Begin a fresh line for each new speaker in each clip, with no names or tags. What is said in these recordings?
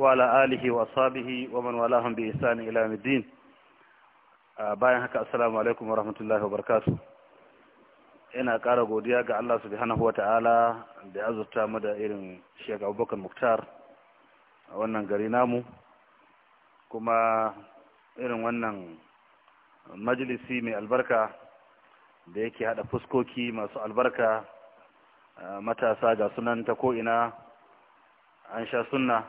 wa آله wa man والاهم bi إلى ila الدين bayan haka assalamu alaikum wa rahmatullahi wa barakatu ina kara godiya ga Allah subhanahu wa ta'ala da azurta mu da irin Sheikh Abubakar Muktar a wannan gari namu kuma irin wannan majalisi mai albarka da yake hada fuskoki masu albarka matasa ga sunan ta ko'ina an sha sunna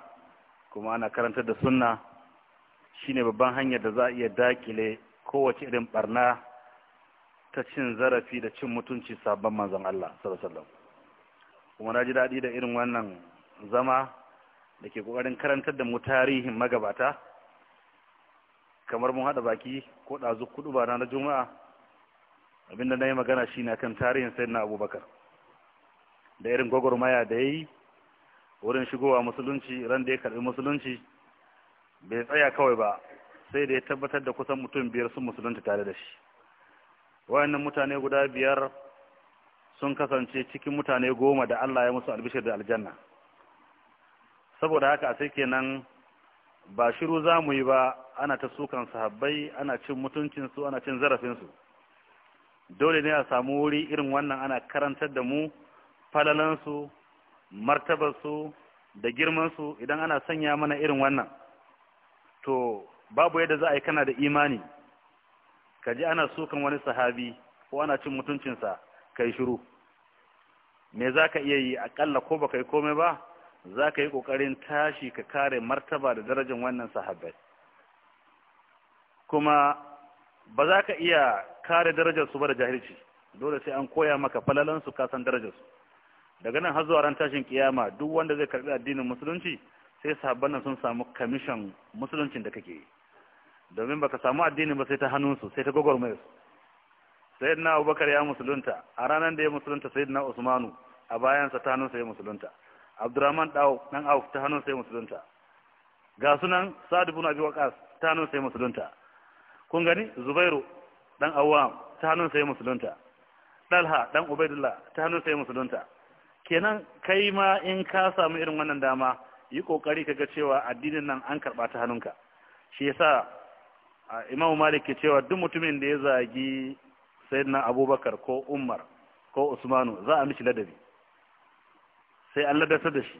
kuma ana karantar da sunna shine babban hanyar da za a iya dakile kowace irin barna ta cin zarafi da cin mutunci sabon manzon Allah sallallahu kuma na ji daɗi da irin wannan zama da ke ƙoƙarin karantar da mu tarihin magabata kamar mun haɗa baki ko ɗazu kuɗu ba na juma'a abinda na yi magana shi na kan tarihin na abubakar da irin gwagwarmaya da ya yi wurin shigowa musulunci ran da ya karbi musulunci bai tsaya kawai ba sai da ya tabbatar da kusan mutum biyar sun musulunci tare da shi wayannan mutane guda biyar sun kasance cikin mutane goma da Allah ya musu albishir da aljanna saboda haka a sai kenan ba shiru za mu yi ba ana ta sukan sahabbai ana cin mutuncinsu ana cin zarafin su dole ne a samu wuri irin wannan ana karantar da mu falalansu su da girman su, idan ana sanya mana irin wannan to babu yadda za a yi kana da imani ka ji ana sukan wani sahabi ko ana cin mutuncinsa ka yi shiru me za ka iya yi akalla ko ba ka yi komai ba za ka yi ƙoƙarin tashi ka kare martaba da darajar wannan sahabai. kuma ba za ka iya kare darajar su ba da jahilci dole sai an koya maka falalansu kasan darajarsu daga nan har zuwa ran tashin kiyama duk wanda zai karbi addinin musulunci sai sahabban nan sun samu kamishan musuluncin da kake yi domin baka samu addini ba sai ta hannunsu sai ta mai su na abubakar ya musulunta a ranar da ya musulunta na usmanu a bayansa ta hannunsa ya musulunta abdurrahman dawo nan auf ta hannunsa ya musulunta ga sunan sa'ad ibn abi waqas ta hannunsa ya musulunta kun gani zubairu dan awwam ta hannunsa ya musulunta dalha dan ubaidullah ta hannunsa ya musulunta kenan kai ma in ka samu irin wannan dama yi kokari kaga cewa addinin nan an karba ta hannunka shi yasa Imam Malik ke cewa duk mutumin da ya zagi Sayyidina Abubakar ko Umar ko Usmanu za a mishi ladabi sai an ladasa da shi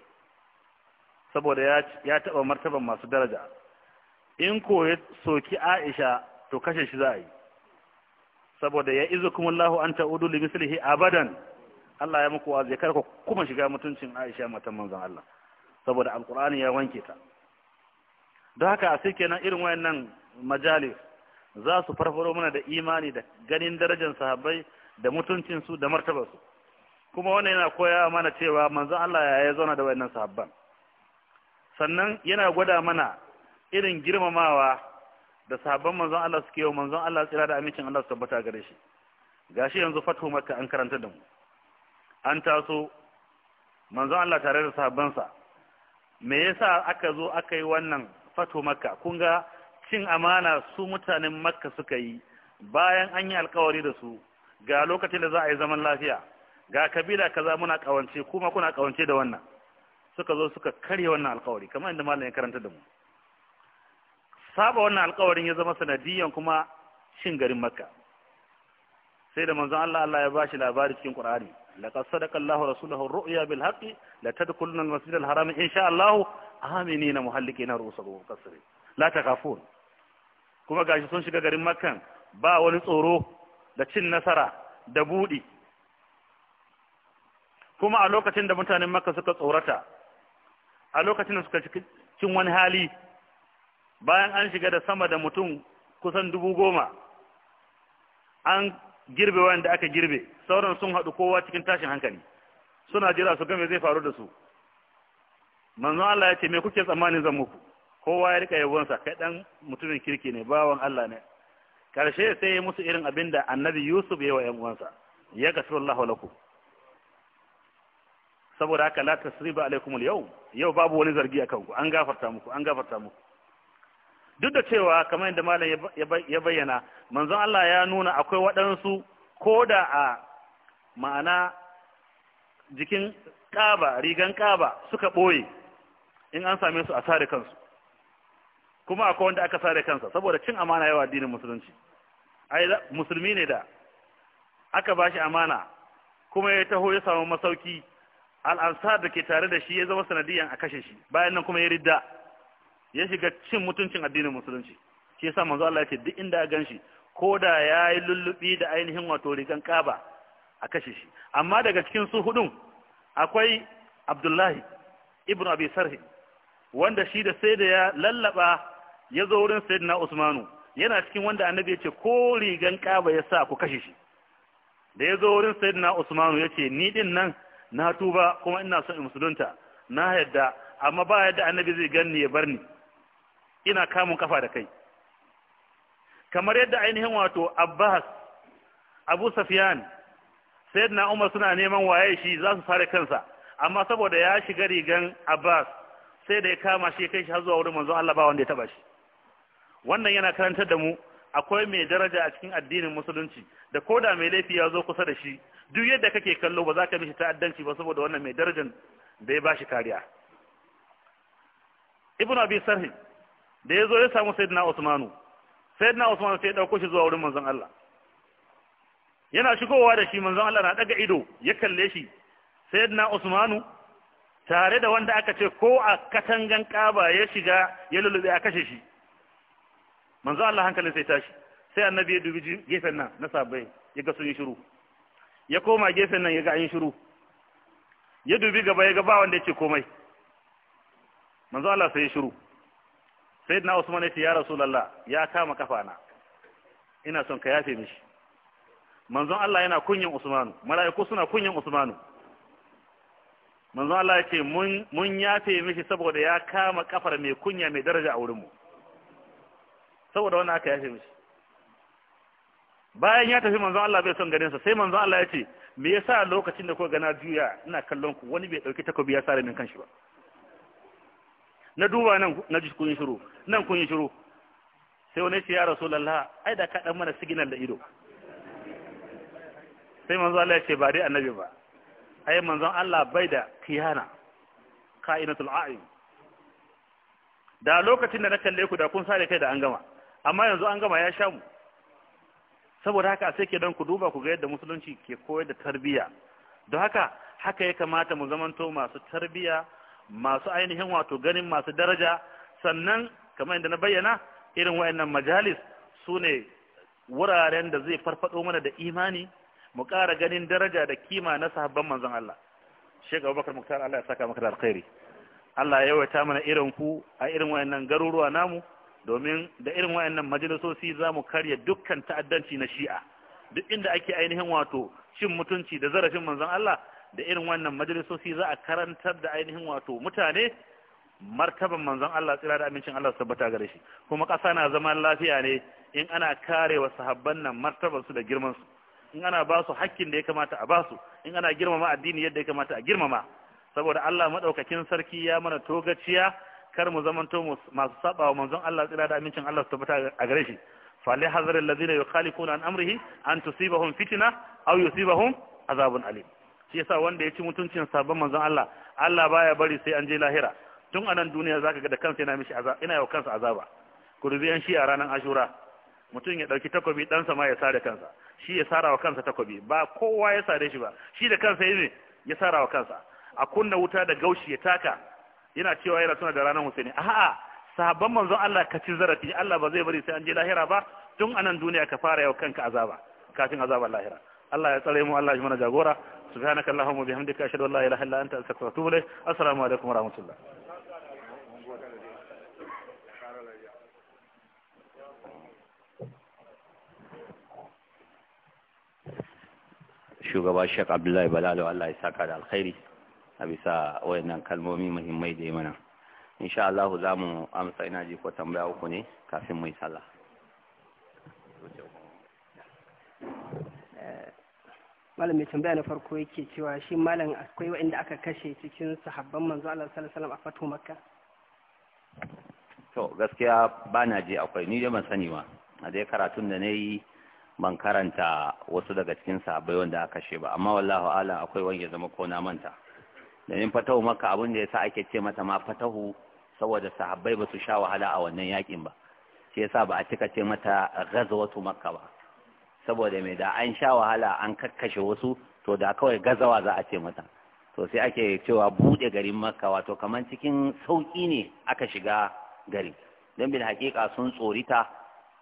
saboda ya taba martaban masu daraja in ko ya soki Aisha to kashe shi za a yi saboda ya izukumullahu an ta'udu li mislihi abadan Allah ya muku wa kar karka kuma shiga mutuncin Aisha matan manzon Allah saboda alqur'ani ya wanke ta don haka sai kenan irin wayannan majalis za su farfaro mana da imani da ganin darajar sahabbai da mutuncin su da martabar su kuma wannan yana koya mana cewa manzon Allah ya ya zauna da wayannan sahabban sannan yana gwada mana irin girmamawa da sahabban manzon Allah suke yi manzon Allah tsira da amincin Allah su tabbata gare shi gashi yanzu fatu makka an karanta da mu an taso manzon Allah tare da sa me yasa aka zo aka yi wannan fato makka kun ga cin amana su mutanen makka suka yi bayan an yi alkawari da su ga lokacin da za a yi zaman lafiya ga kabila kaza muna kawance kuma kuna kawance da wannan suka zo suka karye wannan alkawari kamar inda malam ya karanta da mu saba wannan alkawarin ya zama sanadiyan kuma cin garin makka sai da manzon Allah Allah ya bashi labari cikin Qur'ani laqad sadaka Allahu rasulahu ar-ru'ya bil haqqi la tadkhuluna al-masjid al-haram insha Allah aminina muhallikina ru'usakum qasri la takhafun kuma gashi sun shiga garin Makka ba wani tsoro da cin nasara da buɗi kuma a lokacin da mutanen Makka suka tsorata a lokacin da suka cikin wani hali bayan an shiga da sama da mutum kusan dubu goma an girbe wanda aka girbe sauran sun haɗu kowa cikin tashin hankali suna jira su game zai faru da su manzon Allah ya ce me kuke tsammanin zan muku kowa ya rika sa kai dan mutumin kirki ne bawan Allah ne karshe sai ya musu irin abinda annabi Yusuf ya wa 'yan uwansa ya kasu lakum saboda haka la tasriba alaikum al yau babu wani zargi akan ku an gafarta muku an gafarta muku duk da cewa kamar yadda malam ya bayyana manzon Allah ya nuna akwai waɗansu ko da a ma'ana jikin ƙaba rigan ƙaba suka ɓoye in an same su a sare kansu kuma akwai wanda aka sare kansa saboda cin amana yawa addinin musulunci ai musulmi ne da aka bashi amana kuma ya taho ya samu masauki al'ansar da ke tare da shi ya zama sanadiyan a kashe shi bayan nan kuma ya ridda ya shiga cin mutuncin addinin musulunci shi yasa manzo Allah yake duk inda a shi ko da yayi lullubi da ainihin wato rigan kaba a kashe shi amma daga cikin su hudun akwai Abdullahi ibn Abi Sarh wanda shi da sai da ya lallaba ya zo wurin Sayyidina Usmanu yana cikin wanda annabi yace ko rigan kaba ya sa ku kashe shi da ya zo wurin Sayyidina Usmanu ya ce ni din nan na tuba kuma ina son musulunta na yadda amma ba yadda annabi zai ganni ya bar ni ina kamun kafa da kai kamar yadda ainihin wato abbas abu safiyan na umar suna neman waye shi za su fara kansa amma saboda ya shiga rigan abbas sai da ya kama shi kai shi har zuwa wurin manzon Allah ba wanda ya taba shi wannan yana karantar da mu akwai mai daraja a cikin addinin musulunci da koda mai laifi ya zo kusa da shi duk yadda kake kallo ba za ka mishi ta'addanci ba saboda wannan mai darajar da ya ba shi kariya ibn abi sarhi da ya zo ya samu sayyidina Usmanu sayyidina Usmanu sai ya dauko shi zuwa wurin manzon Allah yana shigowa da shi manzon Allah na daga ido ya kalle shi sayyidina Usmanu tare da wanda aka ce ko a katangan kaba ya shiga ya lulube a kashe shi manzon Allah hankalin sai tashi sai annabi ya dubi gefen nan na sabai ya ga sun yi shiru ya koma gefen nan ya ga an yi shiru ya dubi gaba ya ga ba wanda ya ce komai manzo Allah sai ya shiru sayyidina usman yace ya rasulullah ya kama kafa na ina son ka yafe mishi manzon Allah yana kunyin Usman mala'iku suna kunyin Usman manzon Allah yace mun mun yafe mishi saboda ya kama kafar mai kunya mai daraja a wurin mu saboda wannan aka yafe mishi bayan ya tafi manzon Allah bai son ganin sa sai manzon Allah yace me yasa lokacin da kuka gana juya ina kallon ku wani bai dauki takobi ya sare min kanshi ba na duba nan na ji kun yi shiru nan kun yi shiru sai wani ce ya rasulullah ai da ka dan mana signal da ido sai manzo Allah ya ce ba dai annabi ba ai manzo Allah bai da kiyana ka'inatul a'yun da lokacin da na kalle ku da kun sare kai da an gama amma yanzu an gama ya sha mu saboda haka sai ke dan ku duba ku ga yadda musulunci ke koyar da tarbiyya don haka haka ya kamata mu zamanto masu tarbiyya masu ainihin wato ganin masu daraja sannan kamar yadda na bayyana irin wayannan majalis su ne wuraren da zai farfado mana da imani mu ƙara ganin daraja da kima na sahabban manzon Allah Sheikh Abubakar Muktar Allah ya saka maka da alkhairi Allah ya yawaita mana irin ku a irin wayannan garuruwa namu domin da irin wayannan majalisoci za mu karya dukkan ta'addanci na Shi'a duk inda ake ainihin wato cin mutunci da zarafin manzon Allah da irin wannan majalisoci za a karantar da ainihin wato mutane martaban manzon Allah tsira da amincin Allah tabbata gare shi kuma ƙasa na zaman lafiya ne in ana karewa sahabban nan martaban su da girman su in ana ba su hakkin da ya kamata a ba su in ana girmama addini yadda ya kamata a girmama saboda Allah madaukakin sarki ya mana togaciya kar mu to masu saba wa manzon Allah tsira da amincin Allah tabbata a gare shi fali hazar alladhina yukhalifuna an amrihi an tusibahum fitna aw yusibahum azabun alim shi yasa wanda ya ci mutuncin sabon manzon Allah Allah baya bari sai an je lahira tun anan duniya zaka ga da kansa yana mishi azaba ina yau kansa azaba ku shi a ranar ashura mutum ya dauki takobi dan sa ma ya sare kansa shi ya sarawa kansa takobi ba kowa ya sare shi ba shi da kansa yi ya sarawa kansa a kunna wuta da gaushi ya taka yana cewa yana suna da ranar Husaini a'a sahabban manzon Allah ka ci zarafi Allah ba zai bari sai an je lahira ba tun anan duniya ka fara yau kanka azaba kafin azabar lahira Allah ya tsare mu Allah ya mana jagora سبحانك اللهم وبحمدك أشهد أن لا إله إلا أنت أستغفرك وأتوب إليك السلام عليكم ورحمة الله
shugaba Sheikh Abdullahi Balalu, Allah ya saka da alkhairi a bisa wayannan kalmomi muhimmai da mana insha Allah za mu amsa ina ji ko tambaya uku ne kafin mu yi sallah
malam mai tambaya na farko yake cewa shi malam akwai waɗanda aka kashe cikin sahabban manzo Allah sallallahu alaihi wasallam a fatu makka
to gaskiya ba na je akwai ni dai ban sani ba a dai karatun da nayi ban karanta wasu daga cikin sahabbai wanda aka kashe ba amma wallahu ala akwai wanda zama ko na manta Da domin fatahu makka abin da yasa ake ce mata ma fatahu saboda sahabbai ba su sha wahala a wannan yakin ba shi yasa ba a cika ce mata ghazwatu makka ba saboda mai da an sha wahala an kakkashe wasu to da kawai gazawa za a ce mata to sai ake cewa bude garin makka wato kamar cikin sauƙi ne aka shiga gari don bin hakika sun tsorita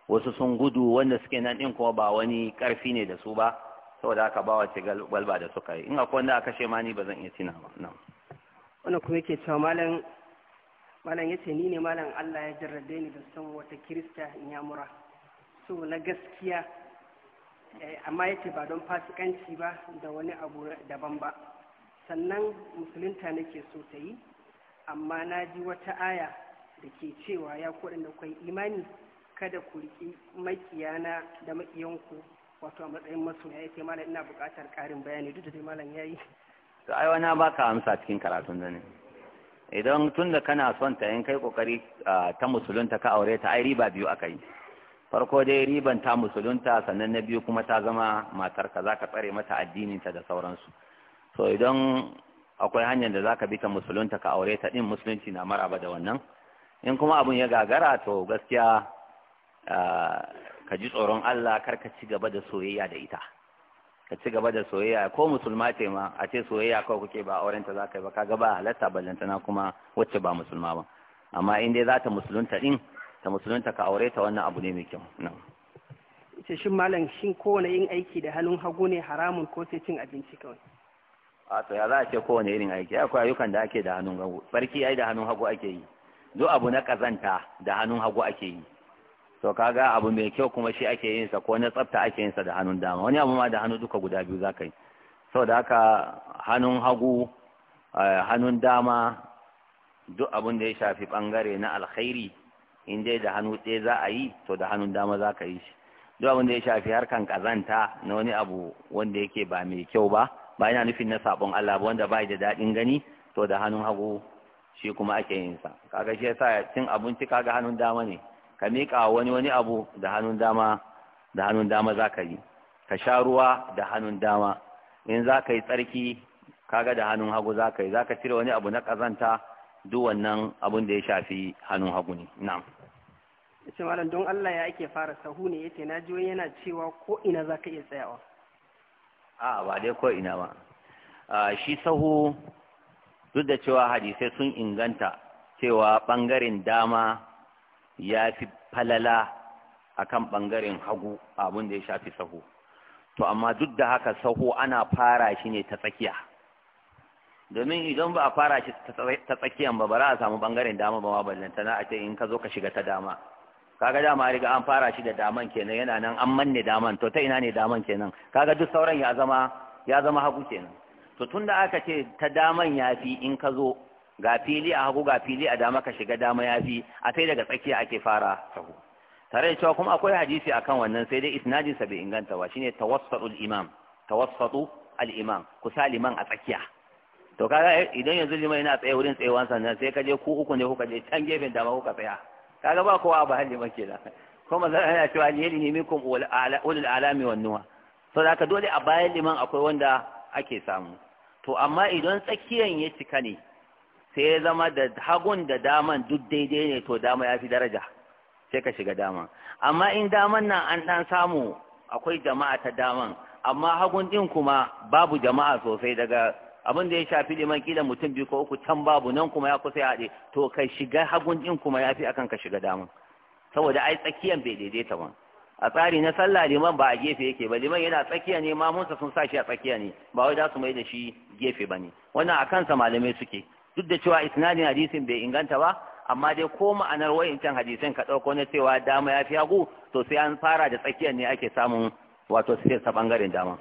wasu sun gudu wanda suke nan ɗin kuma ba wani ƙarfi ne da su ba saboda aka ba wace galba da suka yi in akwai wanda aka ce mani ba zan iya tina ba nan
wannan kuma yake cewa malam malam yace ni ne malam Allah ya jarrabe ni da san wata kirista in ya mura so na gaskiya Eh, amma yace ba don fasikanci ba da wani abu daban ba sannan musulunta nake so ta yi amma na ji wata aya da ke cewa ya kuɗin da kwai imani kada ku riƙi makiyana da makiyanku wato a matsayin masoya ya ce malam ina buƙatar ƙarin bayani duk da dai malam ya yi
to ai wani ba ka amsa cikin karatun da ne idan tun da kana son ta in kai ƙoƙari ah, ta musulunta ka aure ta ai riba biyu aka yi farko dai riban ta musulunta sannan na biyu kuma ta zama ka, za ka tsare mata addininta da sauransu To idan akwai hanyar da za ka bi ta musulunta ka aure ta ɗin musulunci na maraba da wannan in kuma abun ya gagara to gaskiya ka ji tsoron Allah kar ka ci gaba da soyayya da ita ka ci gaba da soyayya ko musulma ce ma a ce soyayya kawai kuke ba auren ta zaka yi ba kaga ba halatta ballantana kuma wacce ba musulma ba amma in dai za ta musulunta din ta musulunta ka aure ta wannan abu ne mai kyau
ita shin malam shin kowane yin aiki da hannun hagu ne haramun ko sai cin abinci kawai
a to ya za a ce kowane irin aiki akwai ayyukan da ake da hannun hagu barki ai da hannun hagu ake yi duk abu na kazanta da hannun hagu ake yi to kaga abu mai kyau kuma shi ake yin sa ko na tsafta ake yin sa da hannun dama wani abu ma da hannu duka guda biyu za ka yi saboda haka hannun hagu eh, hannun dama duk abin da ya shafi bangare na alkhairi in dai da hannu ɗaya za a yi to da hannun dama za ka yi shi duk abin da ya shafi harkan kazanta na wani abu wanda yake ba mai kyau ba ba yana nufin na sabon Allah ba wanda bai da daɗin gani to da hannun hagu shi kuma ake yin sa kaga shi yasa cin abinci kaga hannun dama ne ka miƙa wani wani abu da hannun dama da hannun dama za ka yi ka sha ruwa da hannun dama in za ka yi tsarki kaga da hannun hagu za ka yi za ka cire wani abu na kazanta duk wannan abunda da ya shafi hannun hagu ne na'am
ce malam don Allah ya ake fara sahu ne yace na ji yana cewa ko ina za ka iya tsayawa
a ba dai ko ina ba shi sahu duk da cewa hadisai sun inganta cewa bangaren dama ya fi falala akan bangaren hagu abin da ya shafi sahu to amma duk da haka sahu ana fara shi ne ta tsakiya domin idan ba a fara shi ta tsakiyan ba ba za a samu bangaren dama ba ma ballantana a ce in ka zo ka shiga ta dama kaga dama riga an fara shi da daman kenan yana nan an manne daman to ta ina ne daman kenan kaga duk sauran ya zama ya zama hagu kenan to tunda aka ce ta daman yafi in ka zo ga fili a hagu ga fili a dama ka shiga dama yafi a sai daga tsakiya ake fara sahu tare da cewa kuma akwai hadisi akan wannan sai dai isnadin sa bai inganta ba shine tawassatul imam tawassatu al imam kusa liman a tsakiya to kaga idan yanzu liman yana tsaye wurin tsayewan sannan sai ka je ku uku ne kuka je can gefen dama kuka tsaya kaga ba kowa ba halima ba kenan Ko zan ana cewa alheri ne minkum ulul alami wan nuha so da dole a bayan liman akwai wanda ake samu to amma idan tsakiyan ya cika ne sai ya zama da hagun da daman duk daidai ne to dama ya fi daraja sai ka shiga dama amma in daman nan an dan samu akwai jama'a ta daman amma hagun din kuma babu jama'a sosai daga abin da ya shafi liman kila mutum biyu ko uku can babu nan kuma ya kusa ya haɗe to kai shiga hagun ɗin kuma ya fi akan ka shiga damun saboda ai tsakiyan bai daidaita ba a tsari na sallah liman ba a gefe yake ba liman yana tsakiya ne mamunsa sun sa shi a tsakiya ne ba wai za su mai da shi gefe ba ne wannan a kansa malamai suke duk da cewa isnadin hadisin bai inganta ba amma dai ko ma'anar wa'incan hadisin ka ɗauko na cewa dama ya fi hagu to sai an fara da tsakiyar ne ake samun wato sai ta bangaren dama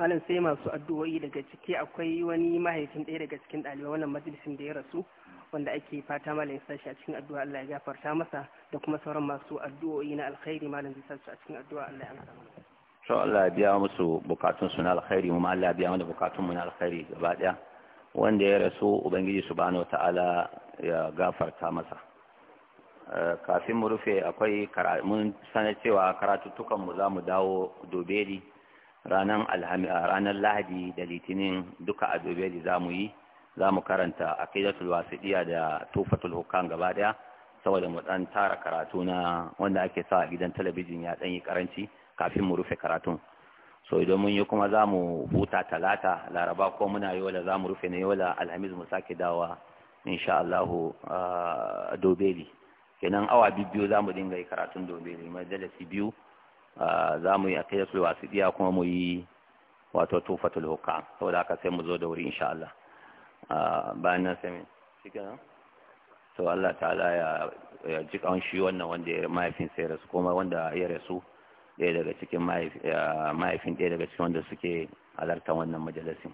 malam sai masu addu'o'i daga ciki akwai wani mahaifin ɗaya daga cikin ɗalibai wannan majalisin da ya rasu wanda ake fata malam ya sashi a cikin addu'a Allah ya gafarta masa da kuma sauran masu addu'o'i na alkhairi malam zai sashi a cikin addu'a Allah ya amsa masa
to Allah ya biya musu bukatun su na alkhairi mu Allah ya biya mana bukatun mu na alkhairi gaba daya wanda ya rasu ubangiji subhanahu ta'ala ya gafarta masa eh, kafin mu rufe akwai mun sanar cewa karatuttukan mu za mu dawo doberi ranar ranar lahadi da litinin duka a dobe da za mu yi za mu karanta a da tulwasiɗiya da tufatul hukan gaba ɗaya saboda mu ɗan tara karatu na wanda ake sa a gidan talabijin ya ɗan yi karanci kafin mu rufe karatun so idan mun yi kuma za mu huta talata laraba ko muna yola za mu rufe na yola alhamis mu sake dawa insha Allahu dobeli kenan awa biyu za mu dinga yi karatun dobeli majalisi biyu Ah, za mu yi a wasu iya kuma mu yi wato tufatul hukam saboda haka sai mu zo da wuri insha Allah ah, bayan nan sai nan to Allah ta'ala ya ya ji shi wannan wanda ya mahaifin sai rasu kuma wanda ya rasu ɗaya daga cikin mahaifin ɗaya daga cikin wanda suke halartar wannan majalisin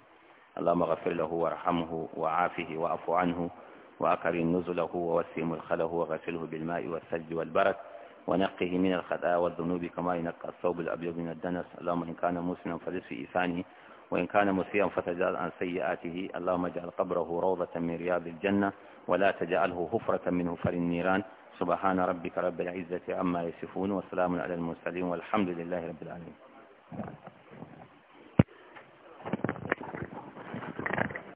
اللهم wa له وارحمه وعافه وعفو عنه wa نزله ووسع مدخله وغسله sajji والثلج والبرد ونقه من الخطايا والذنوب كما ينقى الثوب الأبيض من الدنس اللهم إن كان مسلما فلسف إيثانه وإن كان مسيئا فتجعل عن سيئاته اللهم اجعل قبره روضة من رياض الجنة ولا تجعله هفرة من هفر النيران سبحان ربك رب العزة عما يصفون وسلام على المرسلين والحمد لله رب العالمين